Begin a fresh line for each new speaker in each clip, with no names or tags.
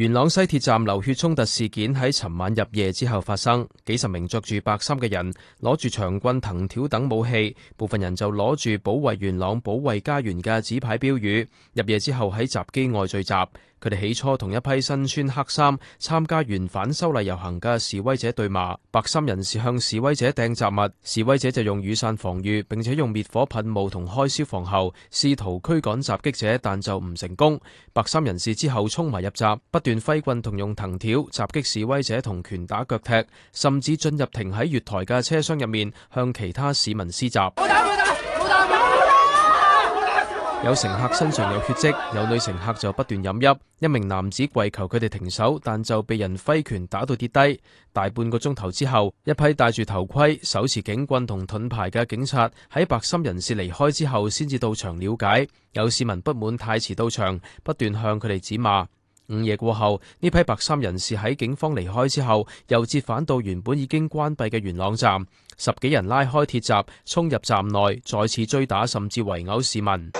元朗西鐵站流血衝突事件喺尋晚入夜之後發生，幾十名着住白衫嘅人攞住長棍、藤條等武器，部分人就攞住保衞元朗、保衞家園嘅紙牌標語。入夜之後喺閘機外聚集，佢哋起初同一批身穿黑衫參加完反修例遊行嘅示威者對罵，白衫人士向示威者掟雜物，示威者就用雨傘防禦，並且用滅火噴霧同開消防喉試圖驅趕襲擊者，但就唔成功。白衫人士之後衝埋入閘，不斷段揮棍同用藤條襲擊示威者，同拳打腳踢，甚至進入停喺月台嘅車廂入面，向其他市民施襲。有乘客身上有血跡，有女乘客就不斷飲泣。一名男子跪求佢哋停手，但就被人揮拳打到跌低。大半個鐘頭之後，一批戴住頭盔、手持警棍同盾牌嘅警察喺白衣人士離開之後，先至到場了解。有市民不滿太遲到場，不斷向佢哋指罵。午夜過後，呢批白衫人士喺警方離開之後，又折返到原本已經關閉嘅元朗站，十幾人拉開鐵閘，衝入站內，再次追打甚至圍毆市民，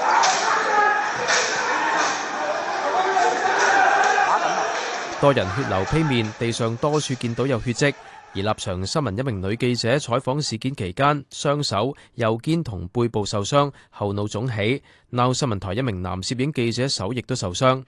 多人血流披面，地上多處見到有血跡。而立場新聞一名女記者採訪事件期間，雙手、右肩同背部受傷，後腦腫起；鬧新聞台一名男攝影記者手亦都受傷。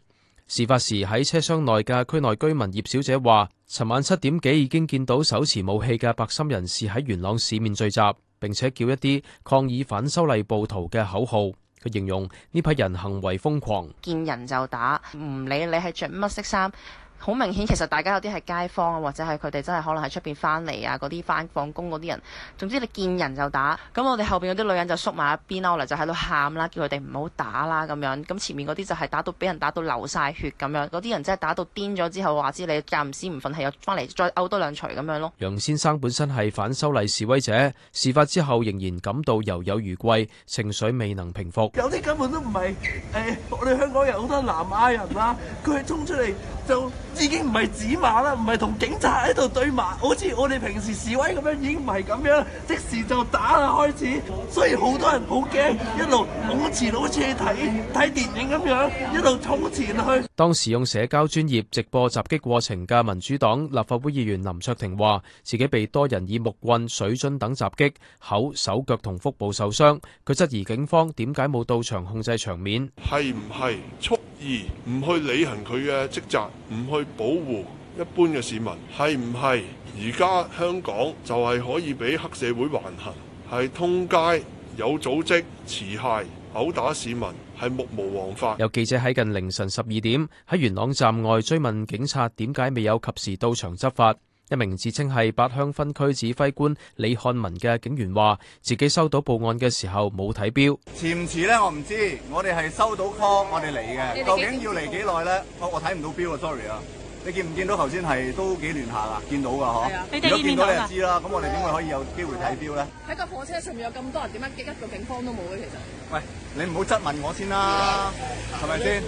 事發時喺車廂內嘅區內居民葉小姐話，尋晚七點幾已經見到手持武器嘅白心人士喺元朗市面聚集，並且叫一啲抗議反修例暴徒嘅口號。佢形容呢批人行為瘋狂，見人就打，唔理你係着乜色衫。好明顯，其實大家有啲係街坊啊，或者係佢哋真係可能喺出邊翻嚟啊，嗰啲翻放工嗰啲人，總之你見人就打。咁我哋後邊嗰啲女人就縮埋一邊啦，我嚟就喺度喊啦，叫佢哋唔好打啦咁樣。咁前面嗰啲就係打到俾人打到流晒血咁樣，嗰啲人真係打到癲咗，之後話知你廿五時唔瞓係又翻嚟再拗多兩錘咁樣咯。楊先生本身係反修例示威者，事發之後仍然感到猶有餘悸，情緒未能平復。有啲根本都唔係誒，我哋香港人好多南亞人啦、啊，佢係衝出嚟。就已經唔係指罵啦，唔係同警察喺度對罵，好似我哋平時示威咁樣，已經唔係咁樣，即時就打啦，開始，所以好多人好驚，一路。似好似睇睇電影咁樣，一路衝前去。當時用社交專業直播襲擊過程嘅民主黨立法會議員林卓廷話，自己被多人以木棍、水樽等襲擊，口、手腳同腹部受傷。佢質疑警方點解冇到場控制場面？係唔係蓄意唔去履行佢嘅職責，唔去保護一般嘅市民？係唔係而家香港就係可以俾黑社會橫行，係通街？有組織持械毆打市民係目無王法。有記者喺近凌晨十二點喺元朗站外追問警察點解未有及時到場執法，一名自稱係八鄉分區指揮官李漢文嘅警員話：自己收到報案嘅時候冇睇表，遲唔遲呢？我唔知。我哋係收到 call 我哋嚟嘅，究竟要嚟幾耐呢？我我睇唔到表啊，sorry 啊。你見唔見到頭先係都幾亂下啦？見到㗎呵，的如果見到你就知啦。咁的我哋點解可以有機會睇標咧？喺個火車上面有咁多人，點解激一個警方都冇咧？其實。喂。你唔好質問我先啦，係咪先？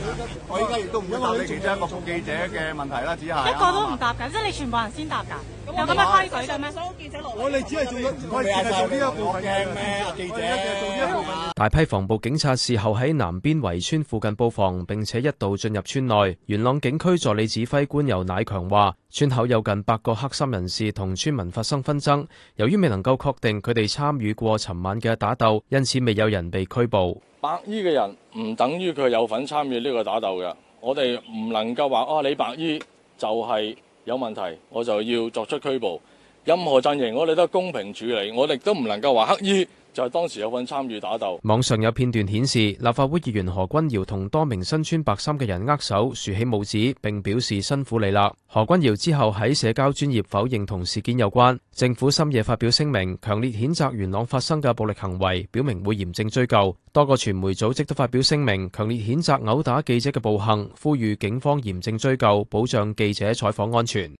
我而家亦都唔會答你其中一個記者嘅問題啦，只係一個都唔答㗎，即係你全部人先答㗎。有咁嘅規矩㗎咩？所有記者落嚟，我哋只係做一，我哋只係做呢一部分嘅記者。大批防暴警察事後喺南邊圍村附近布防，並且一度進入村內。元朗警區助理指揮官游乃強話。村口有近百個黑衫人士同村民發生紛爭，由於未能夠確定佢哋參與過尋晚嘅打鬥，因此未有人被拘捕。白衣嘅人唔等於佢有份參與呢個打鬥嘅，我哋唔能夠話啊你白衣就係有問題，我就要作出拘捕。任何陣營我哋都公平處理，我哋都唔能夠話黑衣。就係當時有份參與打鬥。網上有片段顯示，立法會議員何君堯同多名身穿白衫嘅人握手、豎起拇指，並表示辛苦你啦。何君堯之後喺社交專業否認同事件有關。政府深夜發表聲明，強烈譴責元朗發生嘅暴力行為，表明會嚴正追究。多個傳媒組織都發表聲明，強烈譴責毆打記者嘅暴行，呼籲警方嚴正追究，保障記者採訪安全。